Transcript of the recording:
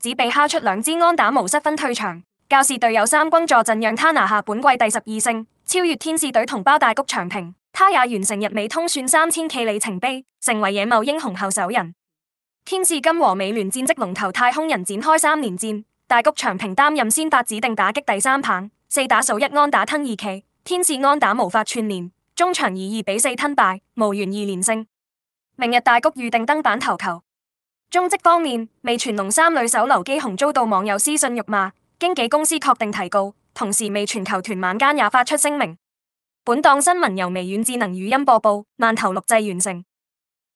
只被敲出兩支安打，無失分退場。教士隊友三軍坐陣，讓他拿下本季第十二勝，超越天使隊同胞大谷翔平。他也完成日美通算三千 K 里程碑，成為野茂英雄後首人。天使今和美聯戰績龍頭太空人展開三連戰。大谷翔平擔任先發指定打擊第三棒，四打數一安打吞二 K。天使安打無法串聯，中場以二比四吞敗，無緣二連勝。明日大谷預定登板投球。中職方面，味全龍三壘手劉基鴻遭到網友私信辱罵，經紀公司確定提告，同時味全球團晚間也發出聲明。本檔新聞由微軟智能語音播報，慢頭錄製完成。